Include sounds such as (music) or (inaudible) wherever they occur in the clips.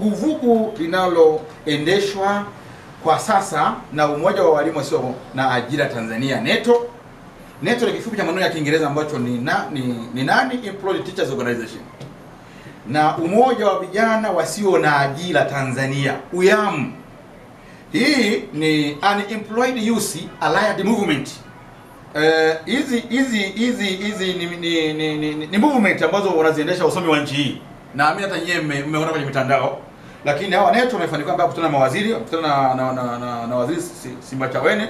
Vuguvugu linaloendeshwa kwa sasa na umoja wa walimu wasio na ajira Tanzania NETO. NETO ni kifupi cha maneno ya Kiingereza ambacho ni, na, ni, ni nani Employed Teachers Organization na umoja wa vijana wasio na ajira Tanzania UYAM. Hii ni Unemployed Youth Allied Movement. Eh, hizi uh, hizi hizi hizi ni ni, ni, ni, ni, ni movement ambazo wanaziendesha usomi wa nchi hii, na mimi hata nyewe mmeona kwenye mitandao lakini hawa NETO wamefanikiwa mpaka kukutana na mawaziri, kukutana na, na, na, na, na waziri Simbachawene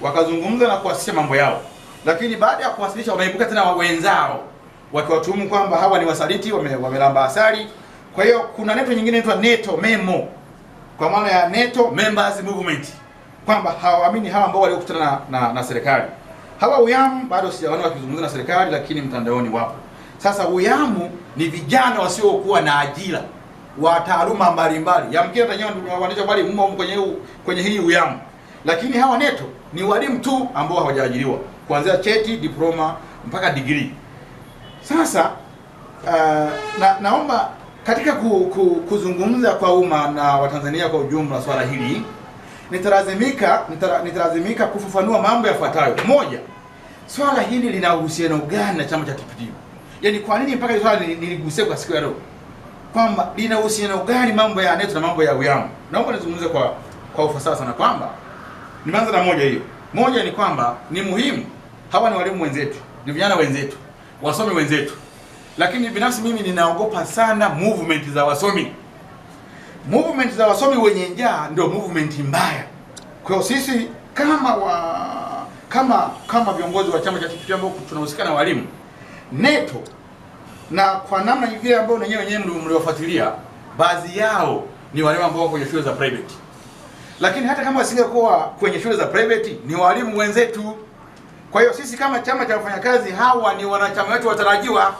wakazungumza na kuwasilisha mambo yao, lakini baada ya kuwasilisha wameibuka tena wenzao wakiwatuhumu kwamba hawa ni wasaliti, wame, wamelamba asali. Kwa hiyo kuna NETO nyingine inaitwa NETO memo kwa maana ya NETO members movement kwamba hawaamini hawa ambao waliokutana na, na, na serikali hawa uyamu bado sijaona wakizungumza na serikali, lakini mtandaoni wapo. Sasa uyamu ni vijana wasiokuwa na ajira wa taaluma mbalimbali. Yamkini hata nyewe waandishi habari mmo kwenye kwenye hii uyamu, lakini hawa NETO ni walimu tu ambao hawajaajiriwa kuanzia cheti, diploma mpaka degree. Sasa uh, na, naomba katika ku, ku, kuzungumza kwa umma na Watanzania kwa ujumla swala hili nitalazimika nitalazimika kufafanua mambo yafuatayo. Moja, swala hili lina uhusiano gani na chama cha TPTU? Yaani kwa nini mpaka swala niligusia kwa siku ya leo? kwamba linahusiana gani mambo ya neto na mambo ya uyamu. Naomba nizungumze kwa kwa ufasaha sana kwamba nimeanza na moja hiyo. Moja ni kwamba ni muhimu, hawa ni walimu wenzetu, ni vijana wenzetu, wasomi wenzetu, lakini binafsi mimi ninaogopa sana movement za wasomi. Movement za wasomi wenye njaa ndio movement mbaya. Kwa sisi kama wa kama kama viongozi wa chama cha TPP ambao tunahusika na walimu, neto na kwa namna nyingine ambayo na wenyewe wenyewe mliofuatilia, baadhi yao ni wale ambao kwenye shule za private, lakini hata kama wasingekuwa kwenye shule za private ni walimu wenzetu. Kwa hiyo sisi kama chama cha wafanyakazi, hawa ni wanachama wetu watarajiwa.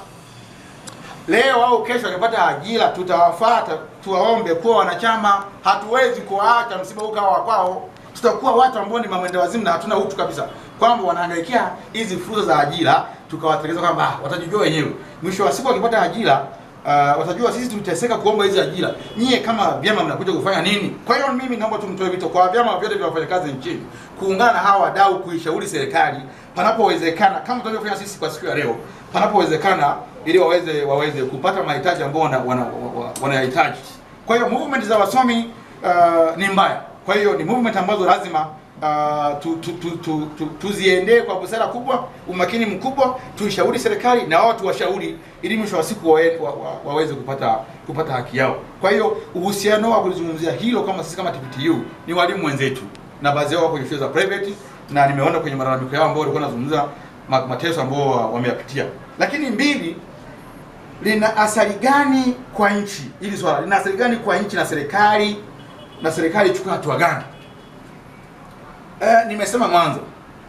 Leo au kesho wakipata ajira, tutawafuata tuwaombe kuwa wanachama. Hatuwezi kuwaacha msiba huu kawa kwao, tutakuwa watu ambao ni mamwende wazimu na hatuna utu kabisa kwamba wanahangaikia hizi fursa za ajira, tukawatekeleza kwamba ah, watajijua wenyewe. Mwisho wa siku wakipata ajira Uh, watajua sisi tuliteseka kuomba hizi ajira, nyie kama vyama mnakuja kufanya nini? Kwa hiyo mimi naomba tu mtoe wito kwa vyama vyote vya wafanyakazi nchini kuungana hawa wadau kuishauri serikali panapowezekana, kama tunavyofanya sisi kwa siku ya leo, panapowezekana, ili waweze waweze kupata mahitaji ambayo wanayahitaji. Kwa hiyo movement za wasomi uh, ni mbaya. Kwa hiyo ni movement ambazo lazima uh, tuziendee kwa busara kubwa, umakini mkubwa, tuishauri serikali na watu washauri, ili mwisho wa siku waweze wa, wa, wa wa kupata kupata haki yao. Kwa hiyo uhusiano wa kulizungumzia hilo kama sisi kama TPTU ni walimu wenzetu, na baadhi yao wako kwenye shule za private, na nimeona kwenye malalamiko yao ambao walikuwa wanazungumza mateso ambao wameyapitia. Lakini mbili, lina athari gani kwa nchi? Hili swala lina athari gani kwa nchi na serikali, na serikali ichukue hatua gani? eh, nimesema mwanzo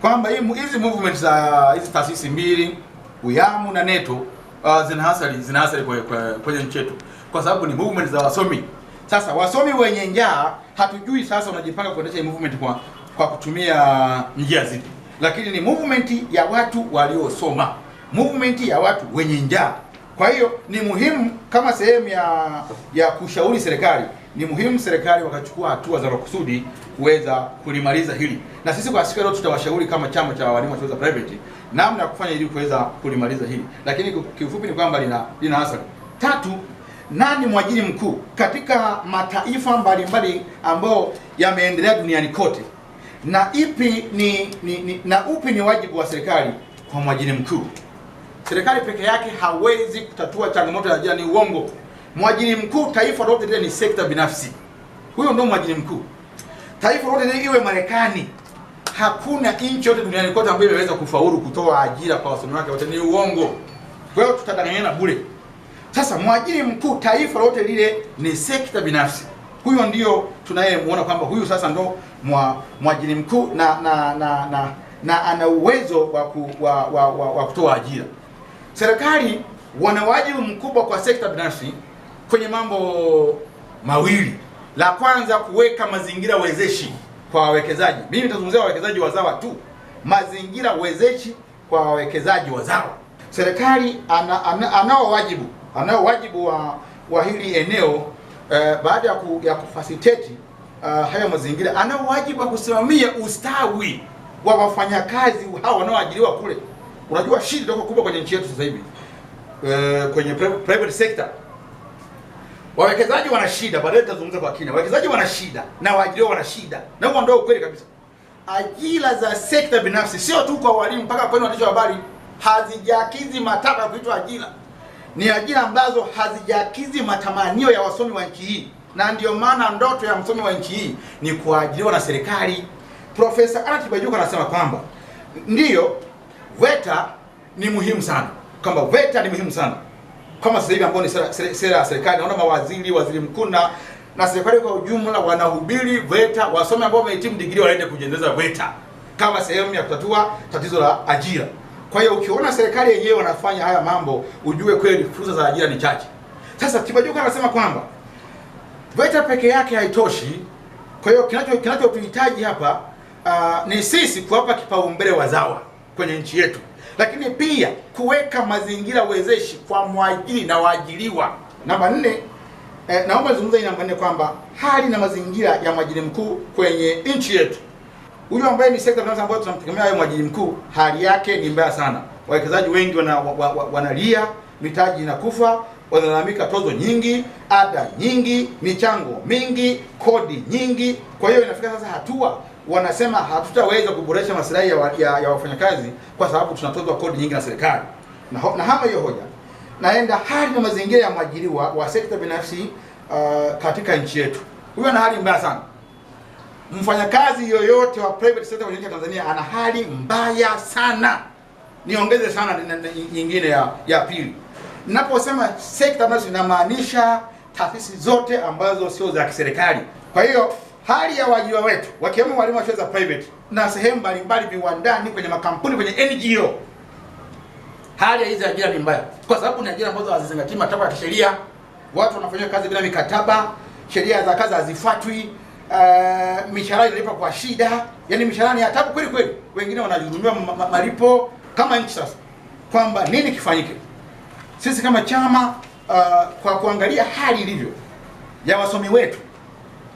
kwamba hizi movement za hizi taasisi mbili Uyamu na Neto uh, ah, zinahasari zinahasari kwenye, kwenye nchi yetu kwa sababu ni movement za wasomi. Sasa wasomi wenye njaa, hatujui sasa wanajipanga kuendesha hii movement kwa kwa kutumia njia zipi, lakini ni movement ya watu waliosoma, movement ya watu wenye njaa. Kwa hiyo ni muhimu kama sehemu ya ya kushauri serikali ni muhimu serikali wakachukua hatua za makusudi kuweza kulimaliza hili, na sisi kwa siku leo tutawashauri kama chama cha walimu wa shule za private namna ya kufanya ili kuweza kulimaliza hili, lakini kiufupi ni kwamba lina lina hasara tatu. Nani mwajiri mkuu katika mataifa mbalimbali ambayo yameendelea duniani kote, na ipi ni, ni, ni, na upi ni wajibu wa serikali kwa mwajiri mkuu? Serikali peke yake hawezi kutatua changamoto ya ajira, ni uongo. Mwajiri mkuu taifa lote ni sekta binafsi, huyo ndio mwajiri mkuu taifa lote iwe Marekani. Hakuna nchi yote duniani kote ambayo imeweza kufaulu kutoa ajira kwa wasomi wake wote, ni uongo. Kwa hiyo tutadanganyana bure. Sasa mwajiri mkuu taifa lote lile ni sekta binafsi, huyo ndio tunayemuona kwamba huyu sasa ndo mwa, mwajiri mkuu na na na na, na ana uwezo wa, ku, wa, wa, wa, wa kutoa ajira. Serikali wana wajibu mkubwa kwa sekta binafsi kwenye mambo mawili. La kwanza, kuweka mazingira wezeshi kwa wawekezaji. Mimi nitazungumzia wawekezaji wazawa tu, mazingira wezeshi kwa wawekezaji wazawa. Serikali ana, ana, anao wajibu anao wajibu wa, wa hili eneo eh, baada ya, ku, ya kufasiteti uh, eh, haya mazingira, anao wajibu wa kusimamia ustawi wa wafanyakazi hao wanaoajiriwa kule. Unajua shida ndio kubwa kwenye nchi yetu sasa hivi eh, kwenye private sector Wawekezaji wana shida, baadaye tutazungumza kwa kina. Wawekezaji wana shida na waajiriwa wana shida, na huo ndio ukweli kabisa. Ajira za sekta binafsi sio tu kwa walimu, mpaka kwenu waandishi wa habari, hazijakidhi matakwa ya kuitwa ajira. Ni ajira ambazo hazijakidhi matamanio ya wasomi wa nchi hii, na ndio maana ndoto ya msomi wa nchi hii ni kuajiriwa na serikali. Profesa Arati Bajuka anasema kwamba ndiyo VETA ni muhimu sana, kwamba VETA ni muhimu sana kama sasa hivi ambao ni sera, sera, sera ya serikali, naona mawaziri, waziri mkuu na na serikali kwa ujumla wanahubiri VETA, wasome ambao wamehitimu digrii waende kujiendeleza VETA kama sehemu ya kutatua tatizo la ajira. Kwa hiyo ukiona serikali yenyewe wanafanya haya mambo, ujue kweli fursa za ajira ni chache. Sasa Tibaijuka anasema kwamba VETA peke yake haitoshi. Kwa hiyo kinacho kinachotuhitaji hapa uh, ni sisi kuwapa kipaumbele wazawa kwenye nchi yetu lakini pia kuweka mazingira wezeshi kwa mwajiri na waajiriwa. Namba nne, eh, naomba nizungumze namba nne kwamba hali na mazingira ya mwajiri mkuu kwenye nchi yetu. Huyu ambaye ni sekta binafsi ambayo tunamtegemea awe mwajiri mkuu, hali yake ni mbaya sana. Wawekezaji wengi wanalia wa, wa, wanalia, mitaji inakufa, wanalalamika tozo nyingi, ada nyingi, michango mingi, kodi nyingi. Kwa hiyo inafika sasa hatua wanasema hatutaweza kuboresha maslahi ya, ya, ya wafanyakazi kwa sababu tunatozwa kodi nyingi na serikali. Na, na hama hiyo hoja naenda hali na mazingira ya mwajiriwa wa sekta binafsi uh, katika nchi yetu. Huyo ana hali mbaya sana. Mfanyakazi yoyote wa private sector kwenye nchi ya Tanzania ana hali mbaya sana. Niongeze sana nyingine ya, ya pili. Ninaposema sekta binafsi inamaanisha taasisi zote ambazo sio za kiserikali. Kwa hiyo hali ya waajiriwa wetu wakiwemo walimu wa shule za private na sehemu mbalimbali viwandani, kwenye makampuni, kwenye NGO, hali ya hizi ajira ni mbaya, kwa sababu ni ajira ambazo hazizingatii matakwa ya kisheria. Watu wanafanyia kazi bila mikataba, sheria za kazi hazifuatwi, uh, eh, mishahara inalipwa kwa shida, yani mishahara ni hatabu kweli kweli, wengine wanajurumiwa malipo. Kama nchi sasa, kwamba nini kifanyike? Sisi kama chama uh, kwa kuangalia hali ilivyo ya wasomi wetu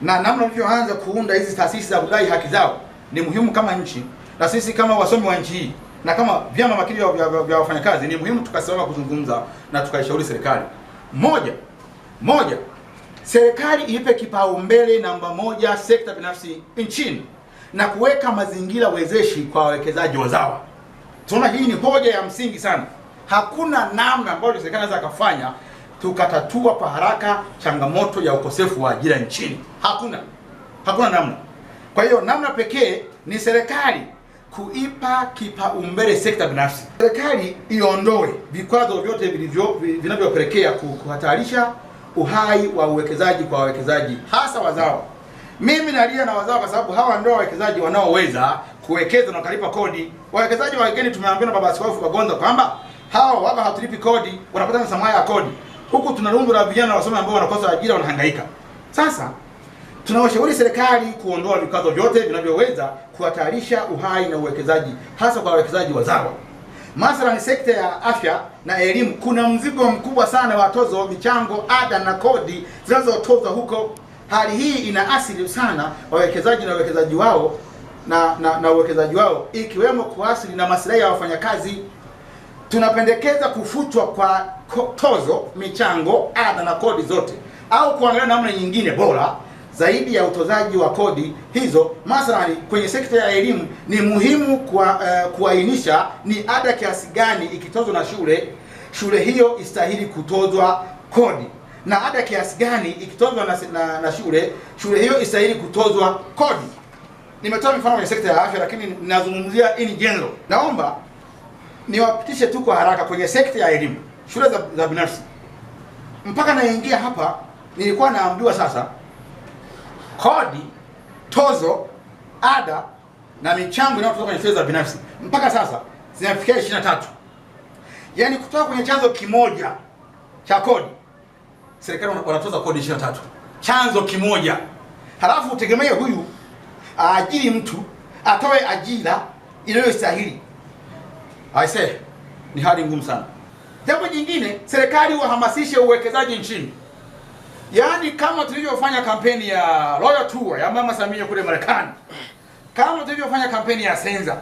na namna ulivyoanza kuunda hizi taasisi za kudai haki zao ni muhimu kama nchi, na sisi kama wasomi wa nchi hii na kama vyama makili vya wafanyakazi ni muhimu tukasimama kuzungumza na tukaishauri serikali. Moja moja, serikali ipe kipaumbele namba moja sekta binafsi nchini na kuweka mazingira wezeshi kwa wawekezaji wazawa. Tunaona hii ni hoja ya msingi sana. Hakuna namna ambayo serikali inaweza kufanya tukatatua kwa haraka changamoto ya ukosefu wa ajira nchini. Hakuna, hakuna namna. Kwa hiyo namna pekee ni serikali kuipa kipaumbele sekta binafsi. Serikali iondoe vikwazo vyote vilivyo vinavyopelekea kuhatarisha uhai wa uwekezaji kwa wawekezaji hasa wazawa. Mimi nalia na wazawa kwa sababu hawa ndio wawekezaji wanaoweza kuwekeza na kulipa kodi. Wawekezaji wa wageni tumeambiwa na baba Askofu Bagonza kwamba hawa wao hatulipi kodi, wanapata msamaha ya kodi huku tuna rundo la vijana wasomi ambao wanakosa ajira, wanahangaika. Sasa tunawashauri serikali kuondoa vikwazo vyote vinavyoweza kuhatarisha uhai na uwekezaji, hasa kwa wawekezaji wazawa. Mathalani, sekta ya afya na elimu, kuna mzigo mkubwa sana wa tozo, michango, ada na kodi zinazotozwa huko. Hali hii ina athiri sana wawekezaji na wawekezaji wao na na, na uwekezaji wao ikiwemo kuathiri na maslahi ya wafanyakazi. Tunapendekeza kufutwa kwa tozo, michango, ada na kodi zote, au kuangalia namna nyingine bora zaidi ya utozaji wa kodi hizo. Mathalani, kwenye sekta ya elimu ni muhimu eh, kuainisha uh, ni ada kiasi gani ikitozwa na shule shule hiyo istahili kutozwa kodi na ada kiasi gani ikitozwa na, na, na shule shule hiyo istahili kutozwa kodi. Nimetoa mifano kwenye sekta ya afya, lakini ninazungumzia in general. Naomba niwapitishe tu kwa haraka kwenye sekta ya elimu shule za, za binafsi. Mpaka naingia hapa nilikuwa naambiwa sasa kodi, tozo, ada na michango inayotoka kwenye shule za binafsi mpaka sasa zinafikia 23. Yaani kutoka kwenye chanzo kimoja cha kodi serikali wanatoza kodi 23. Chanzo kimoja. Halafu utegemee huyu aajiri mtu atoe ajira inayostahili. Aisee, ni hali ngumu sana. Jambo jingine, serikali wahamasishe uwekezaji nchini, yaani kama tulivyofanya kampeni ya Royal Tour ya Mama Samia kule Marekani, kama tulivyofanya kampeni ya Senza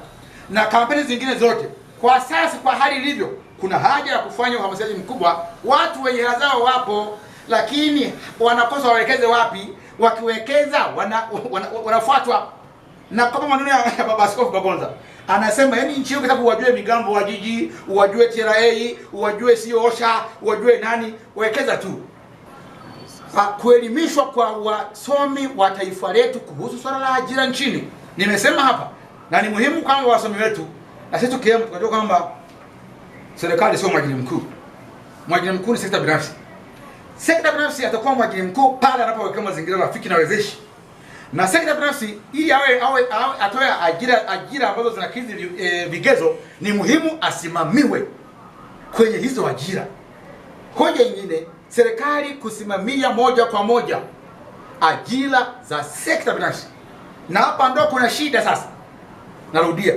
na kampeni zingine zote. Kwa sasa kwa hali ilivyo, kuna haja ya kufanya uhamasishaji mkubwa. Watu wenye hela zao wapo, lakini wanakosa wawekeze wapi? Wakiwekeza wanafuatwa wana, wana na kama maneno ya ya baba askofu Bagonza anasema yani, nchi ukitaka uwajue migambo wa jiji, uwajue TRA, uwajue sio osha, uwajue nani, wekeza tu kwa kuelimishwa kwa wasomi wa taifa letu kuhusu swala la ajira nchini. Nimesema hapa na ni muhimu kwamba wasomi wetu na sisi tukiwemo tunajua kwamba serikali sio mwajiri mkuu. Mwajiri mkuu ni sekta binafsi. Sekta binafsi atakuwa mwajiri mkuu pale anapowekewa mazingira rafiki na wezeshi na sekta binafsi ili awe, awe, awe atoe ajira, ajira ambazo zinakidhi e, vigezo, ni muhimu asimamiwe kwenye hizo ajira. Hoja nyingine, serikali kusimamia moja kwa moja ajira za sekta binafsi, na hapa ndo kuna shida sasa. Narudia,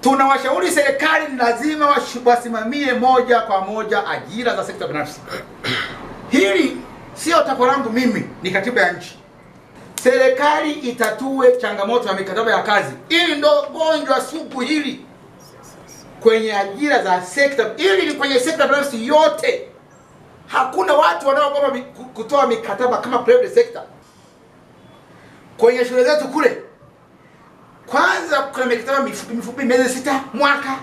tunawashauri serikali lazima wasimamie moja kwa moja ajira za sekta binafsi. Hili sio takwa langu mimi, ni katiba ya nchi serikali itatue changamoto ya mikataba ya kazi. Hili ndo gonjwa sugu hili kwenye ajira za sekta, ili ni kwenye sekta binafsi yote. Hakuna watu wanaogopa kutoa mikataba kama private sector. Kwenye shule zetu kule, kwanza kuna mikataba mifupi mifupi, miezi sita, mwaka.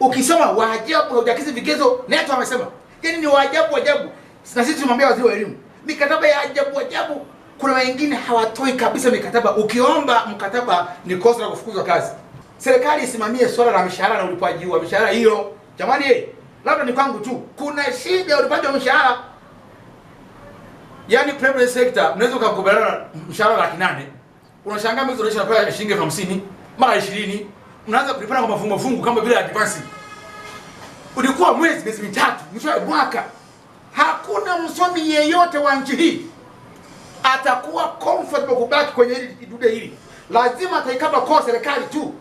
Ukisoma waajabu, haujakidhi vigezo, NETO amesema. Yaani ni waajabu ajabu, na sisi tumwambia waziri wa elimu, mikataba ya ajabu ajabu kuna wengine hawatoi kabisa mikataba. Ukiomba mkataba ni kosa la kufukuzwa kazi. Serikali isimamie swala la mishahara na ulipaji wa mishahara hiyo. Jamani, labda ni kwangu tu, kuna shida ya ulipaji wa mishahara. Yaani private sector mnaweza kukubaliana mshahara laki nane, unashangaa mwezi unaisha napewa shilingi hamsini mara ishirini, mnaanza kulipana kwa mafungu mafungu kama vile advance. Ulikuwa mwezi miezi mitatu, mwisho wa mwaka, hakuna msomi yeyote wa nchi hii atakuwa comfortable kubaki kwenye hili idude hili, lazima ataikaba kwa serikali tu.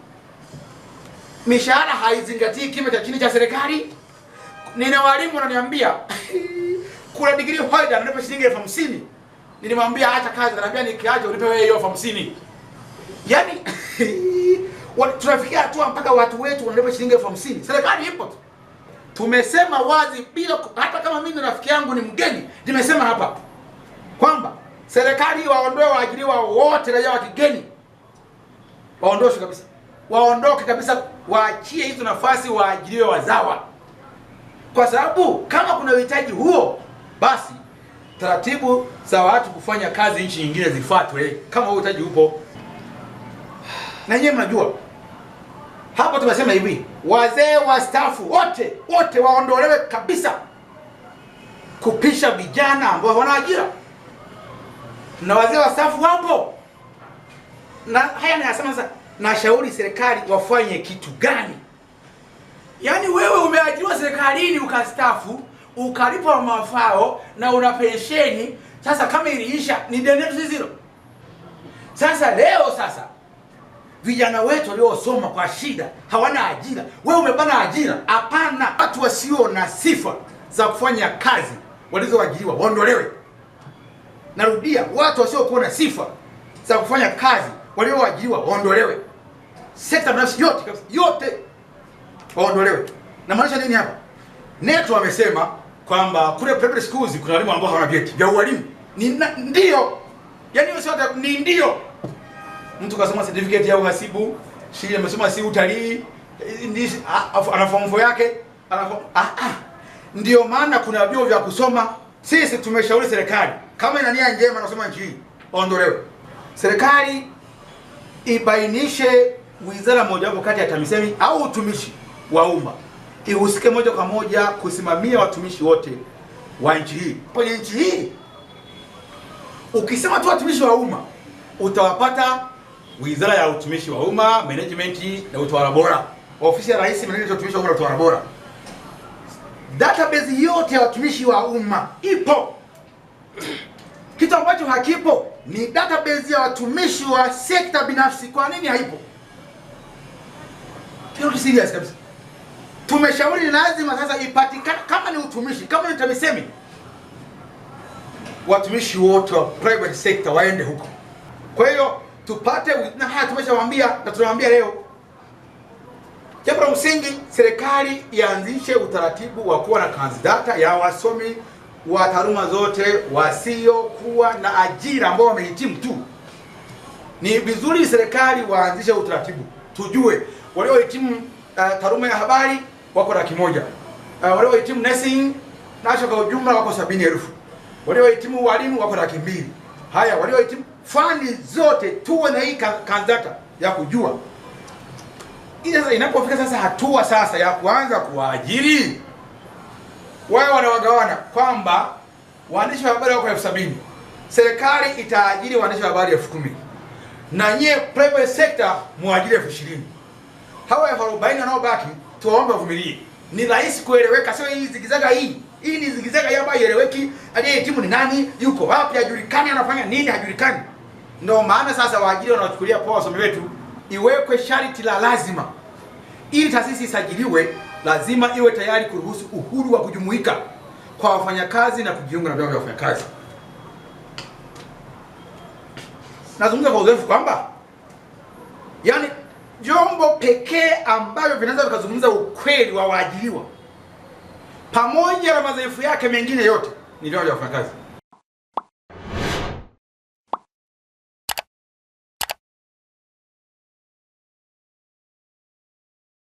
Mishahara haizingatii kima cha chini cha serikali. Nina walimu wananiambia (laughs) kuna degree holder analipa shilingi elfu hamsini. Nilimwambia acha kazi, ananiambia nikiacha unipe wewe hiyo elfu hamsini. Yaani (laughs) tunafikia hatua mpaka watu wetu wanalipa shilingi elfu hamsini. Serikali ipo Tumesema wazi bila hata kama mimi na rafiki yangu ni mgeni, nimesema hapa kwamba serikali waondoe waajiriwa wote, raia wa kigeni waondoshwe kabisa, waondoke kabisa, waachie hizo nafasi waajiriwe wazawa, kwa sababu kama kuna uhitaji huo, basi taratibu za watu kufanya kazi nchi nyingine zifuatwe, kama huo uhitaji upo. Na nyinyi mnajua hapo, tumesema hivi, wazee wastaafu wote wote waondolewe kabisa, kupisha vijana ambao hawana ajira na wazee wastaafu wapo, na haya nayasema sasa. Nashauri serikali wafanye kitu gani? Yaani wewe umeajiriwa serikalini ukastafu ukalipa mafao na una pensheni. Sasa kama iliisha ni deni si zero. Sasa leo sasa vijana wetu waliosoma kwa shida hawana ajira, wewe umebana ajira. Hapana, watu wasio na sifa za kufanya kazi walizoajiriwa waondolewe. Narudia, watu wasiokuwa na sifa za kufanya kazi walioajiriwa waondolewe, sekta binafsi yote yote waondolewe. Na maanisha nini hapa? NETO wamesema kwamba kule private schools kuna walimu ambao hawana vyeti vya ualimu. Ni ndio, yani hiyo sio ni ndio. Mtu kasoma certificate ya uhasibu, shule amesoma si utalii, ana form yake, ana ah ah. Ndio maana kuna vyuo vya kusoma. Sisi tumeshauri serikali kama ina nia njema nasema nchi hii ondolewe Serikali ibainishe wizara moja wapo kati ya TAMISEMI au utumishi wa umma ihusike moja kwa moja kusimamia watumishi wote wa nchi hii. Kwenye nchi hii ukisema tu watumishi wa umma utawapata wizara ya utumishi wa umma, management na utawala bora, ofisi ya rais, management ya utumishi wa umma na utawala bora. Database yote ya watumishi wa umma ipo. (clears throat) Kitu ambacho hakipo ni database ya watumishi wa sekta binafsi. Kwa nini haipo? Serious kabisa. Tumeshauri lazima sasa ipatikane, kama ni utumishi, kama ni TAMISEMI, watumishi wote wa private sector waende huko. Kwa hiyo tupate na haya tumeshawaambia, na tunawaambia leo. Jambo la msingi, serikali ianzishe utaratibu wa kuwa na data ya wasomi wa taaluma zote wasiokuwa na ajira ambao wamehitimu tu. Ni vizuri serikali waanzishe utaratibu tujue waliohitimu uh, taaluma ya habari wako laki moja uh, waliohitimu nursing nacho kwa ujumla wako sabini elfu waliohitimu walimu wako laki mbili haya waliohitimu fani zote tuwe na hii kanzata ya kujua. Inapofika sasa hatua sasa ya kuanza kuwaajiri wao wanawagawana kwamba waandishi wa habari wako elfu sabini serikali itaajiri waandishi wa habari elfu kumi na nyie private sector mwajiri elfu ishirini hawa elfu arobaini wanaobaki tuwaombe wavumilie. Ni rahisi kueleweka, sio hii zigizaga hii hii ni zigizaga hii ambayo aliye timu ni nani? Yuko wapi? Hajulikani, anafanya nini? Hajulikani. Ndio maana sasa waajiri wanaochukulia poa wasomi wetu, iwekwe sharti la lazima ili taasisi isajiliwe lazima iwe tayari kuruhusu uhuru wa kujumuika kwa wafanyakazi na kujiunga na vyama vya wafanyakazi. Nazungumza kwa uzoefu kwamba yani vyombo pekee ambavyo vinaweza vikazungumza ukweli wa waajiriwa pamoja na madhaifu yake mengine yote ni vyama vya wafanyakazi.